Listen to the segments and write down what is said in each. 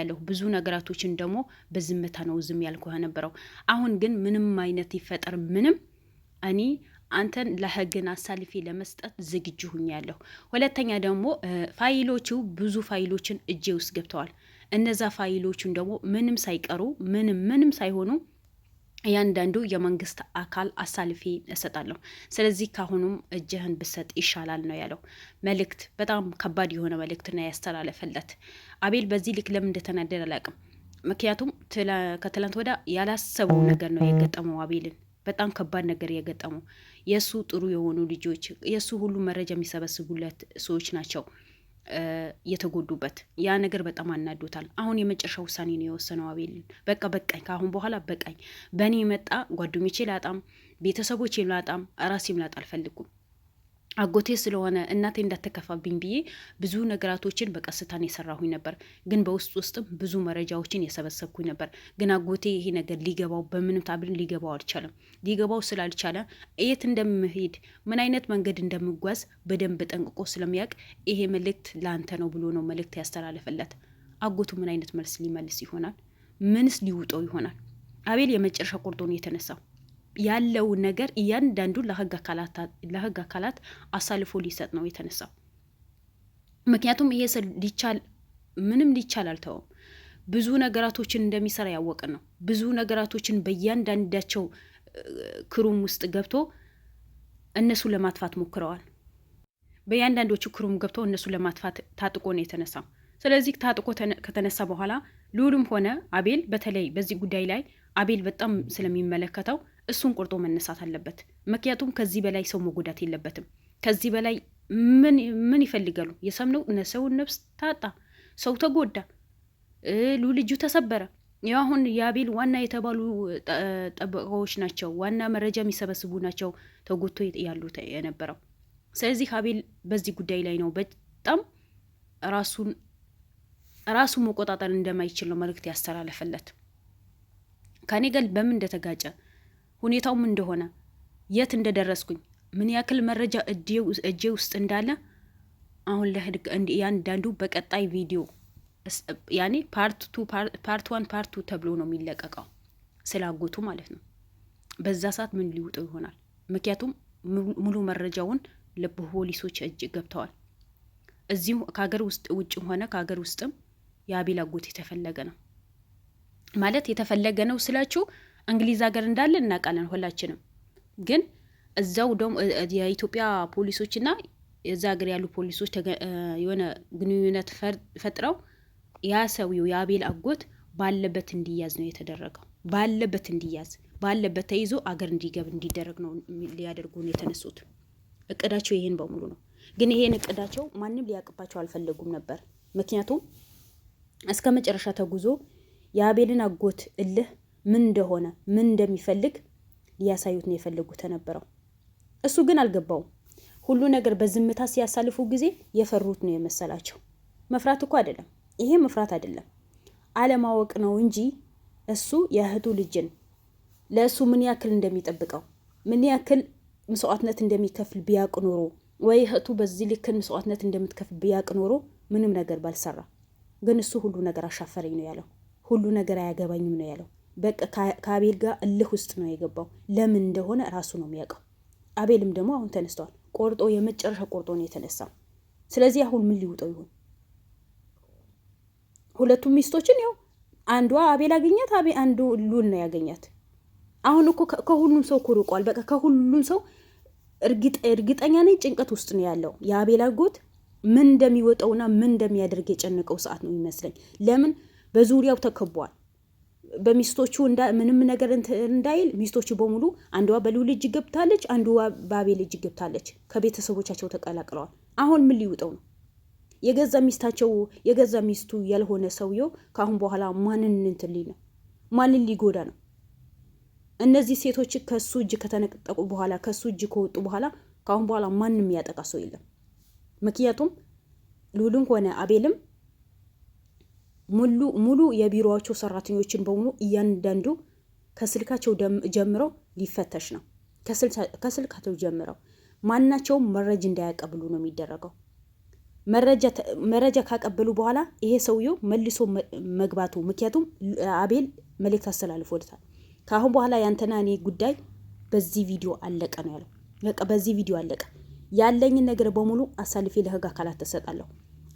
ያለሁ ብዙ ነገራቶችን ደግሞ በዝምታ ነው ዝም ያልኩ ነበረው። አሁን ግን ምንም አይነት ይፈጠር ምንም እኔ አንተን ለህግን አሳልፌ ለመስጠት ዝግጁ ሁኛለሁ። ሁለተኛ ደግሞ ፋይሎቹ ብዙ ፋይሎችን እጄ ውስጥ ገብተዋል። እነዛ ፋይሎቹን ደግሞ ምንም ሳይቀሩ ምንም ምንም ሳይሆኑ እያንዳንዱ የመንግስት አካል አሳልፌ እሰጣለሁ። ስለዚህ ካሁኑም እጅህን ብሰጥ ይሻላል ነው ያለው መልእክት። በጣም ከባድ የሆነ መልእክት ነው ያስተላለፈለት። አቤል በዚህ ልክ ለምን እንደተናደድ አላውቅም። ምክንያቱም ከትላንት ወዳ ያላሰበው ነገር ነው የገጠመው አቤልን። በጣም ከባድ ነገር የገጠመው የእሱ ጥሩ የሆኑ ልጆች የእሱ ሁሉ መረጃ የሚሰበስቡለት ሰዎች ናቸው። የተጎዱበት ያ ነገር በጣም አናዶታል። አሁን የመጨረሻ ውሳኔ ነው የወሰነው አቤልን። በቃ በቃኝ፣ ከአሁን በኋላ በቃኝ። በእኔ የመጣ ጓደኞቼ ላጣም፣ ቤተሰቦቼ ላጣም፣ ራሴም ላጣ አልፈልጉም። አጎቴ ስለሆነ እናቴ እንዳትከፋብኝ ብዬ ብዙ ነገራቶችን በቀስታን የሰራሁኝ ነበር። ግን በውስጥ ውስጥም ብዙ መረጃዎችን የሰበሰብኩኝ ነበር። ግን አጎቴ ይሄ ነገር ሊገባው በምንም ታብል ሊገባው አልቻለም። ሊገባው ስላልቻለ የት እንደምሄድ ምን አይነት መንገድ እንደምጓዝ በደንብ ጠንቅቆ ስለሚያውቅ ይሄ መልእክት ለአንተ ነው ብሎ ነው መልእክት ያስተላለፈለት። አጎቱ ምን አይነት መልስ ሊመልስ ይሆናል? ምንስ ሊውጠው ይሆናል? አቤል የመጨረሻ ቆርጦ ነው የተነሳው። ያለውን ነገር እያንዳንዱ ለህግ አካላት አሳልፎ ሊሰጥ ነው የተነሳው። ምክንያቱም ይሄ ስል ሊቻል ምንም ሊቻል አልተውም። ብዙ ነገራቶችን እንደሚሰራ ያወቅን ነው። ብዙ ነገራቶችን በእያንዳንዳቸው ክሩም ውስጥ ገብቶ እነሱ ለማጥፋት ሞክረዋል። በእያንዳንዶቹ ክሩም ገብቶ እነሱ ለማጥፋት ታጥቆ ነው የተነሳው። ስለዚህ ታጥቆ ከተነሳ በኋላ ልዑልም ሆነ አቤል በተለይ በዚህ ጉዳይ ላይ አቤል በጣም ስለሚመለከተው እሱን ቁርጦ መነሳት አለበት። ምክንያቱም ከዚህ በላይ ሰው መጎዳት የለበትም። ከዚህ በላይ ምን ይፈልጋሉ? የሰምነው ሰውን ነፍስ ታጣ፣ ሰው ተጎዳ፣ ሉ ልጁ ተሰበረ። አሁን የአቤል ዋና የተባሉ ጠበቃዎች ናቸው፣ ዋና መረጃ የሚሰበስቡ ናቸው ተጎድቶ ያሉ የነበረው። ስለዚህ አቤል በዚህ ጉዳይ ላይ ነው በጣም ራሱን ራሱ መቆጣጠር እንደማይችል ነው መልእክት ያስተላለፈለት። ከኔ ጋር በምን እንደተጋጨ ሁኔታውም እንደሆነ የት እንደደረስኩኝ ምን ያክል መረጃ እጄ ውስጥ እንዳለ አሁን ለእያንዳንዱ በቀጣይ ቪዲዮ ያኔ ፓርት ቱ ፓርት ዋን ፓርት ቱ ተብሎ ነው የሚለቀቀው ስላጎቱ ማለት ነው። በዛ ሰዓት ምን ሊውጡ ይሆናል? ምክንያቱም ሙሉ መረጃውን ለፖሊሶች እጅ ገብተዋል። እዚሁ ከሀገር ውስጥ ውጭም ሆነ ከሀገር ውስጥም የአቤል አጎት የተፈለገ ነው ማለት የተፈለገ ነው ስላችሁ እንግሊዝ ሀገር እንዳለ እናውቃለን ሁላችንም። ግን እዛው ደሞ የኢትዮጵያ ፖሊሶችና እዛ ሀገር ያሉ ፖሊሶች የሆነ ግንኙነት ፈጥረው ያ ሰውየው የአቤል አጎት ባለበት እንዲያዝ ነው የተደረገው። ባለበት እንዲያዝ ባለበት ተይዞ አገር እንዲገብ እንዲደረግ ነው ሊያደርጉ ነው የተነሱት። እቅዳቸው ይሄን በሙሉ ነው። ግን ይሄን እቅዳቸው ማንም ሊያውቅባቸው አልፈለጉም ነበር። ምክንያቱም እስከ መጨረሻ ተጉዞ የአቤልን አጎት እልህ ምን እንደሆነ ምን እንደሚፈልግ ሊያሳዩት ነው የፈለጉት የነበረው። እሱ ግን አልገባውም። ሁሉ ነገር በዝምታ ሲያሳልፉ ጊዜ የፈሩት ነው የመሰላቸው። መፍራት እኮ አይደለም፣ ይሄ መፍራት አይደለም፣ አለማወቅ ነው እንጂ እሱ የእህቱ ልጅን ለእሱ ምን ያክል እንደሚጠብቀው ምን ያክል መስዋዕትነት እንደሚከፍል ቢያቅ ኖሮ ወይ እህቱ በዚህ ልክ መስዋዕትነት እንደምትከፍል ቢያቅ ኖሮ ምንም ነገር ባልሰራ። ግን እሱ ሁሉ ነገር አሻፈረኝ ነው ያለው። ሁሉ ነገር አያገባኝም ነው ያለው። በቃ ከአቤል ጋር እልህ ውስጥ ነው የገባው። ለምን እንደሆነ ራሱ ነው የሚያውቀው። አቤልም ደግሞ አሁን ተነስተዋል። ቆርጦ የመጨረሻ ቆርጦ ነው የተነሳው። ስለዚህ አሁን ምን ሊውጠው ይሆን? ሁለቱም ሚስቶችን ያው አንዷ አቤል አገኛት፣ አንዱ ሉል ነው ያገኛት። አሁን እኮ ከሁሉም ሰው እኮ በቃ ከሁሉም ሰው እርግጠኛ ነኝ ጭንቀት ውስጥ ነው ያለው የአቤል አጎት ምን እንደሚወጣውና ምን እንደሚያደርግ የጨነቀው ሰዓት ነው ይመስለኝ። ለምን በዙሪያው ተከቧል። በሚስቶቹ ምንም ነገር እንዳይል ሚስቶቹ በሙሉ አንዷ በልዑል እጅ ገብታለች፣ አንዷ በአቤል እጅ ገብታለች። ከቤተሰቦቻቸው ተቀላቅለዋል። አሁን ምን ሊውጠው ነው? የገዛ ሚስታቸው የገዛ ሚስቱ ያልሆነ ሰውየው ከአሁን በኋላ ማንን እንትን ነው? ማንን ሊጎዳ ነው? እነዚህ ሴቶች ከሱ እጅ ከተነጠቁ በኋላ ከሱ እጅ ከወጡ በኋላ ከአሁን በኋላ ማንም ያጠቃ ሰው የለም። ምክንያቱም ልዑልም ሆነ አቤልም ሙሉ የቢሮዎቸው ሰራተኞችን በሙሉ እያንዳንዱ ከስልካቸው ጀምረው ሊፈተሽ ነው። ከስልካቸው ጀምረው ማናቸውም መረጃ እንዳያቀብሉ ነው የሚደረገው። መረጃ ካቀበሉ በኋላ ይሄ ሰውየው መልሶ መግባቱ፣ ምክንያቱም አቤል መልእክት አስተላልፎልታል። ከአሁን በኋላ ያንተና እኔ ጉዳይ በዚህ ቪዲዮ አለቀ ነው ያለው። በዚህ ቪዲዮ አለቀ። ያለኝን ነገር በሙሉ አሳልፌ ለህግ አካላት ተሰጣለሁ።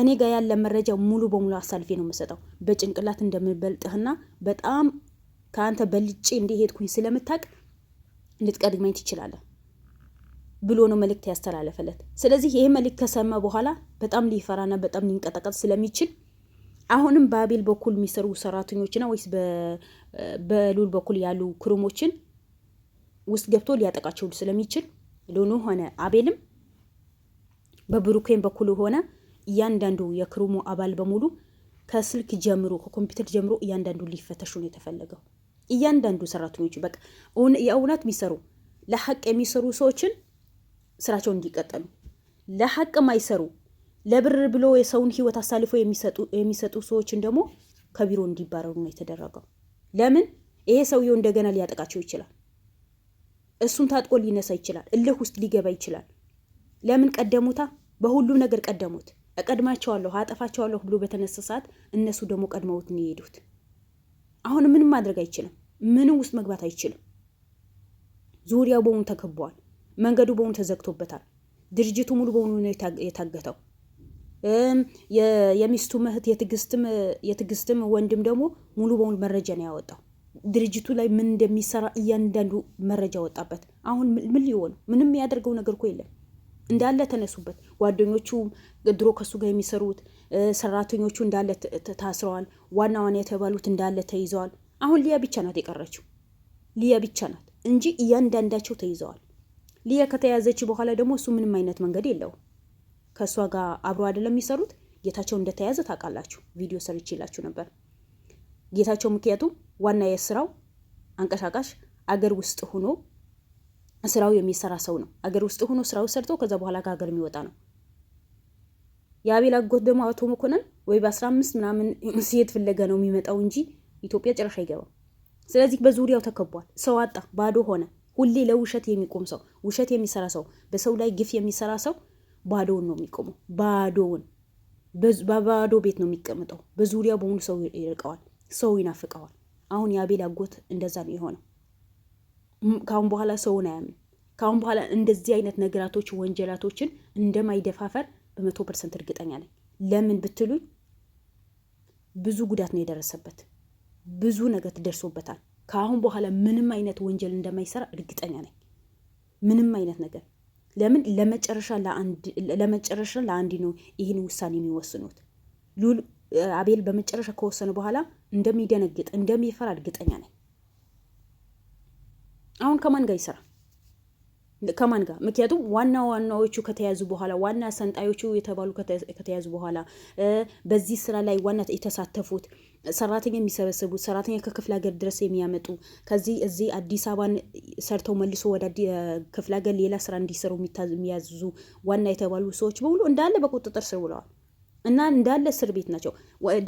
እኔ ጋር ያለ መረጃ ሙሉ በሙሉ አሳልፌ ነው የምሰጠው። በጭንቅላት እንደምበልጥህና በጣም ከአንተ በልጬ እንደሄድኩኝ ስለምታቅ ልትቀድመኝ ትችላለህ ብሎ ነው መልእክት ያስተላለፈለት። ስለዚህ ይህ መልእክት ከሰማ በኋላ በጣም ሊፈራና በጣም ሊንቀጠቀጥ ስለሚችል አሁንም በአቤል በኩል የሚሰሩ ሰራተኞችና ወይስ በሉል በኩል ያሉ ክሩሞችን ውስጥ ገብቶ ሊያጠቃቸው ስለሚችል ሎኑ ሆነ አቤልም በብሩኬን በኩል ሆነ እያንዳንዱ የክሩሞ አባል በሙሉ ከስልክ ጀምሮ ከኮምፒውተር ጀምሮ እያንዳንዱ ሊፈተሹ ነው የተፈለገው። እያንዳንዱ ሰራተኞች በቃ የእውነት የሚሰሩ ለሀቅ የሚሰሩ ሰዎችን ስራቸውን እንዲቀጠሉ፣ ለሀቅ ማይሰሩ ለብር ብሎ የሰውን ህይወት አሳልፎ የሚሰጡ ሰዎችን ደግሞ ከቢሮ እንዲባረሩ ነው የተደረገው። ለምን ይሄ ሰውየው እንደገና ሊያጠቃቸው ይችላል። እሱን ታጥቆ ሊነሳ ይችላል። እልህ ውስጥ ሊገባ ይችላል። ለምን ቀደሙታ? በሁሉም ነገር ቀደሙት። እቀድማቸዋለሁ፣ አጠፋቸዋለሁ ብሎ በተነሳ ሰዓት እነሱ ደግሞ ቀድመውት ነው የሄዱት። አሁን ምንም ማድረግ አይችልም። ምንም ውስጥ መግባት አይችልም። ዙሪያው በሙሉ ተከቧል። መንገዱ በሙሉ ተዘግቶበታል። ድርጅቱ ሙሉ በሙሉ ነው የታገተው። የሚስቱ እህት የትግስትም ወንድም ደግሞ ሙሉ በሙሉ መረጃ ነው ያወጣው። ድርጅቱ ላይ ምን እንደሚሰራ እያንዳንዱ መረጃ ወጣበት። አሁን ምን ሊሆን ምንም ያደርገው ነገር እኮ የለም። እንዳለ ተነሱበት ጓደኞቹ ድሮ ከሱ ጋር የሚሰሩት ሰራተኞቹ እንዳለ ታስረዋል። ዋና ዋና የተባሉት እንዳለ ተይዘዋል። አሁን ሊያ ብቻ ናት የቀረችው። ሊያ ብቻ ናት እንጂ እያንዳንዳቸው ተይዘዋል። ሊያ ከተያዘች በኋላ ደግሞ እሱ ምንም አይነት መንገድ የለው? ከእሷ ጋር አብሮ አይደለም የሚሰሩት። ጌታቸው እንደተያዘ ታውቃላችሁ። ቪዲዮ ሰርቼላችሁ ነበር። ጌታቸው ምክንያቱም ዋና የስራው አንቀሳቃሽ አገር ውስጥ ሆኖ ስራው የሚሰራ ሰው ነው። አገር ውስጥ ሆኖ ስራው ሰርቶ ከዛ በኋላ ከሀገር የሚወጣ ነው። የአቤል አጎት ደግሞ አቶ መኮንን ወይ በአስራ አምስት ምናምን ሴት ፍለገ ነው የሚመጣው እንጂ ኢትዮጵያ ጭራሽ አይገባም። ስለዚህ በዙሪያው ተከቧል። ሰው አጣ፣ ባዶ ሆነ። ሁሌ ለውሸት የሚቆም ሰው፣ ውሸት የሚሰራ ሰው፣ በሰው ላይ ግፍ የሚሰራ ሰው ባዶውን ነው የሚቆመው። ባዶውን በባዶ ቤት ነው የሚቀምጠው። በዙሪያው በሙሉ ሰው ይርቀዋል፣ ሰው ይናፍቀዋል። አሁን የአቤል አጎት እንደዛ ነው የሆነው። ከአሁን በኋላ ሰውን አያምን። ከአሁን በኋላ እንደዚህ አይነት ነገራቶች ወንጀላቶችን እንደማይደፋፈር በመቶ ፐርሰንት እርግጠኛ ነኝ። ለምን ብትሉኝ ብዙ ጉዳት ነው የደረሰበት፣ ብዙ ነገር ትደርሶበታል ከአሁን በኋላ ምንም አይነት ወንጀል እንደማይሰራ እርግጠኛ ነኝ። ምንም አይነት ነገር ለምን ለመጨረሻ ለአንድ ነው ይህን ውሳኔ የሚወስኑት። ሉል አቤል በመጨረሻ ከወሰኑ በኋላ እንደሚደነግጥ እንደሚፈራ እርግጠኛ ነኝ። አሁን ከማን ጋር ይሰራ? ከማን ጋር? ምክንያቱም ዋና ዋናዎቹ ከተያዙ በኋላ ዋና ሰንጣዮቹ የተባሉ ከተያዙ በኋላ በዚህ ስራ ላይ ዋና የተሳተፉት ሰራተኛ የሚሰበስቡት ሰራተኛ ከክፍለ ሀገር ድረስ የሚያመጡ ከዚህ እዚህ አዲስ አበባን ሰርተው መልሶ ወደ ክፍለ ሀገር ሌላ ስራ እንዲሰሩ የሚያዙ ዋና የተባሉ ሰዎች በሙሉ እንዳለ በቁጥጥር ስር ውለዋል እና እንዳለ እስር ቤት ናቸው።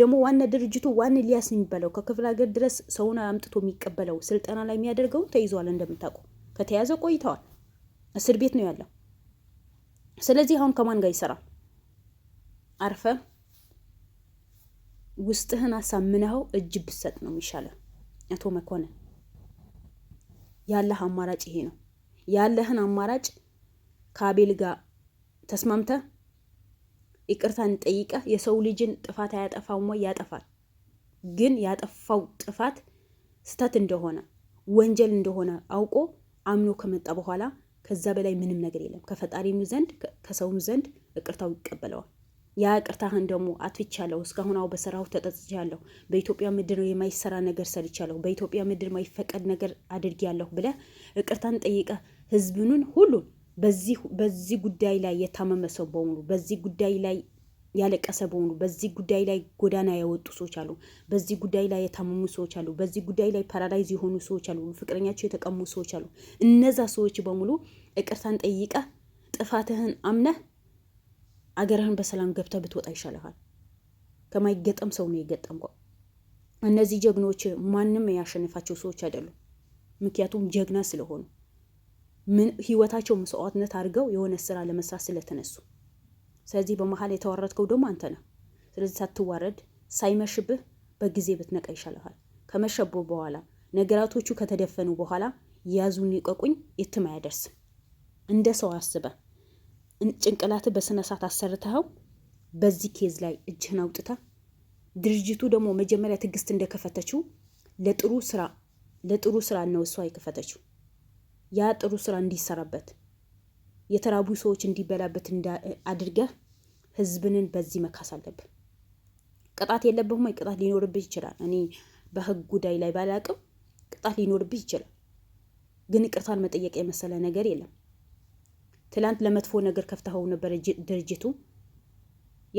ደግሞ ዋና ድርጅቱ ዋን ሊያስ የሚባለው ከክፍለ ሀገር ድረስ ሰውን አምጥቶ የሚቀበለው ስልጠና ላይ የሚያደርገውን ተይዘዋል። እንደምታውቁ ከተያዘ ቆይተዋል። እስር ቤት ነው ያለው። ስለዚህ አሁን ከማን ጋር ይሰራል? አርፈ ውስጥህን አሳምነኸው እጅ ብሰጥ ነው የሚሻለው። አቶ መኮንን ያለህ አማራጭ ይሄ ነው። ያለህን አማራጭ ከአቤል ጋር ተስማምተ ይቅርታን ጠይቀ የሰው ልጅን ጥፋት አያጠፋውም ወይ? ያጠፋል። ግን ያጠፋው ጥፋት ስተት እንደሆነ ወንጀል እንደሆነ አውቆ አምኖ ከመጣ በኋላ ከዛ በላይ ምንም ነገር የለም። ከፈጣሪም ዘንድ ከሰውም ዘንድ እቅርታው ይቀበለዋል። ያ እቅርታህን ደግሞ አጥፍቻለሁ፣ እስካሁን አሁ በሰራሁ ተጠጽቻለሁ፣ በኢትዮጵያ ምድር የማይሰራ ነገር ሰርቻለሁ፣ በኢትዮጵያ ምድር የማይፈቀድ ነገር አድርጌያለሁ ብለ እቅርታን ጠይቀ ህዝብኑን ሁሉን በዚህ ጉዳይ ላይ የታመመ ሰው በሙሉ በዚህ ጉዳይ ላይ ያለቀሰ በሆኑ በዚህ ጉዳይ ላይ ጎዳና ያወጡ ሰዎች አሉ። በዚህ ጉዳይ ላይ የታመሙ ሰዎች አሉ። በዚህ ጉዳይ ላይ ፓራላይዝ የሆኑ ሰዎች አሉ። ፍቅረኛቸው የተቀሙ ሰዎች አሉ። እነዛ ሰዎች በሙሉ እቅርታን ጠይቀ ጥፋትህን አምነህ አገርህን በሰላም ገብተህ ብትወጣ ይሻልሃል። ከማይገጠም ሰው ነው የገጠምከው። እነዚህ ጀግኖች ማንም ያሸነፋቸው ሰዎች አይደሉም። ምክንያቱም ጀግና ስለሆኑ ምን ህይወታቸው መስዋዕትነት አድርገው የሆነ ስራ ለመስራት ስለተነሱ ስለዚህ በመሀል የተዋረድከው ደግሞ አንተ ነህ። ስለዚህ ሳትዋረድ ሳይመሽብህ በጊዜ ብትነቃ ይሻልሃል። ከመሸቦ በኋላ ነገራቶቹ ከተደፈኑ በኋላ ያዙን ይቀቁኝ የትም አያደርስም። እንደ ሰው አስበ ጭንቅላት በስነ ሰዓት አሰርተኸው በዚህ ኬዝ ላይ እጅህን አውጥተ ድርጅቱ ደግሞ መጀመሪያ ትዕግስት እንደከፈተችው ለጥሩ ስራ ለጥሩ ስራ ነው እሷ የከፈተችው ያ ጥሩ ስራ እንዲሰራበት የተራቡ ሰዎች እንዲበላበት አድርገህ ህዝብንን በዚህ መካስ አለብን። ቅጣት የለብህም ወይ? ቅጣት ሊኖርብህ ይችላል። እኔ በህግ ጉዳይ ላይ ባላቅም ቅጣት ሊኖርብህ ይችላል። ግን ቅርታን መጠየቅ የመሰለ ነገር የለም። ትላንት ለመጥፎ ነገር ከፍተኸው ነበር ድርጅቱ።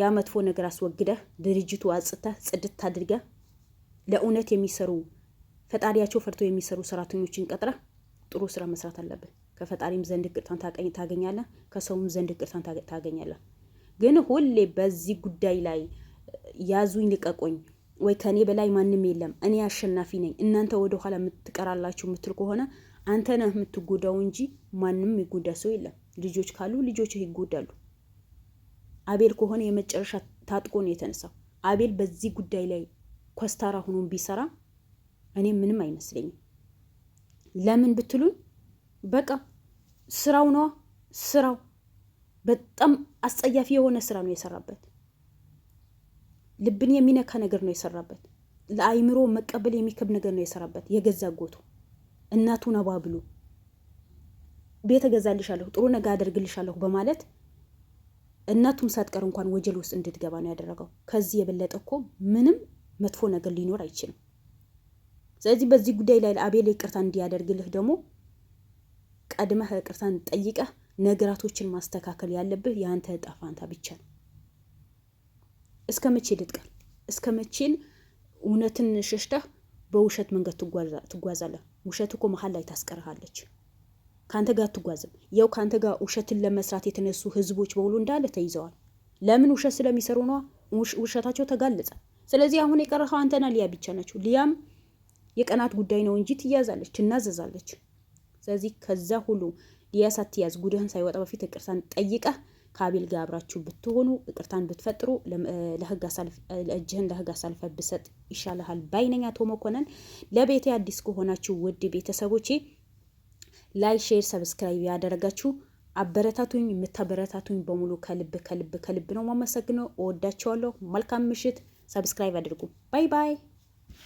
ያ መጥፎ ነገር አስወግደህ ድርጅቱ አጽተህ ጽድት አድርገህ ለእውነት የሚሰሩ ፈጣሪያቸው ፈርቶ የሚሰሩ ሰራተኞችን ቀጥረህ ጥሩ ስራ መስራት አለብን። ከፈጣሪም ዘንድ ይቅርታን ታገኛለህ፣ ከሰውም ዘንድ ይቅርታን ታገኛለህ። ግን ሁሌ በዚህ ጉዳይ ላይ ያዙኝ ልቀቆኝ፣ ወይ ከኔ በላይ ማንም የለም፣ እኔ አሸናፊ ነኝ፣ እናንተ ወደኋላ የምትቀራላችሁ የምትል ከሆነ አንተ ነህ የምትጎዳው እንጂ ማንም ይጎዳ ሰው የለም። ልጆች ካሉ ልጆች ይጎዳሉ። አቤል ከሆነ የመጨረሻ ታጥቆ ነው የተነሳው። አቤል በዚህ ጉዳይ ላይ ኮስታራ ሆኖ ቢሰራ እኔ ምንም አይመስለኝም። ለምን ብትሉኝ በቃ ስራው ነዋ ስራው በጣም አስጸያፊ የሆነ ስራ ነው የሰራበት። ልብን የሚነካ ነገር ነው የሰራበት። ለአይምሮ መቀበል የሚከብ ነገር ነው የሰራበት። የገዛ ጎቱ እናቱን አባብሉ ቤት እገዛልሻለሁ፣ ጥሩ ነገር አደርግልሻለሁ በማለት እናቱም ሳትቀር እንኳን ወጀል ውስጥ እንድትገባ ነው ያደረገው። ከዚህ የበለጠ እኮ ምንም መጥፎ ነገር ሊኖር አይችልም። ስለዚህ በዚህ ጉዳይ ላይ ለአቤል ይቅርታ እንዲያደርግልህ ደግሞ ቀድመህ ይቅርታን ጠይቀህ ነገራቶችን ማስተካከል ያለብህ የአንተ እጣ ፋንታ ብቻ ነው። እስከ መቼ ልትቀር? እስከ መቼን እውነትን ሸሽተህ በውሸት መንገድ ትጓዛለህ? ውሸት እኮ መሀል ላይ ታስቀርሃለች። ከአንተ ጋር አትጓዝም። ያው ከአንተ ጋር ውሸትን ለመስራት የተነሱ ህዝቦች በሙሉ እንዳለ ተይዘዋል። ለምን? ውሸት ስለሚሰሩ ነ ውሸታቸው ተጋለጸ። ስለዚህ አሁን የቀረኸው አንተና ሊያ ብቻ ናቸው። ሊያም የቀናት ጉዳይ ነው እንጂ ትያዛለች፣ ትናዘዛለች። ስለዚህ ከዛ ሁሉ ዲያ ሳትያዝ ጉድህን ሳይወጣ በፊት ይቅርታን ጠይቃ ከአቤል ጋር አብራችሁ ብትሆኑ ይቅርታን ብትፈጥሩ እጅህን ለህግ አሳልፈ ብሰጥ ይሻልሃል። ባይነኛ አቶ መኮንን። ለቤቴ አዲስ ከሆናችሁ ውድ ቤተሰቦቼ ላይ ሼር፣ ሰብስክራይብ ያደረጋችሁ አበረታቱኝ። የምታበረታቱኝ በሙሉ ከልብ ከልብ ከልብ ነው ማመሰግነው። እወዳቸዋለሁ። መልካም ምሽት። ሰብስክራይብ አድርጉ። ባይ ባይ።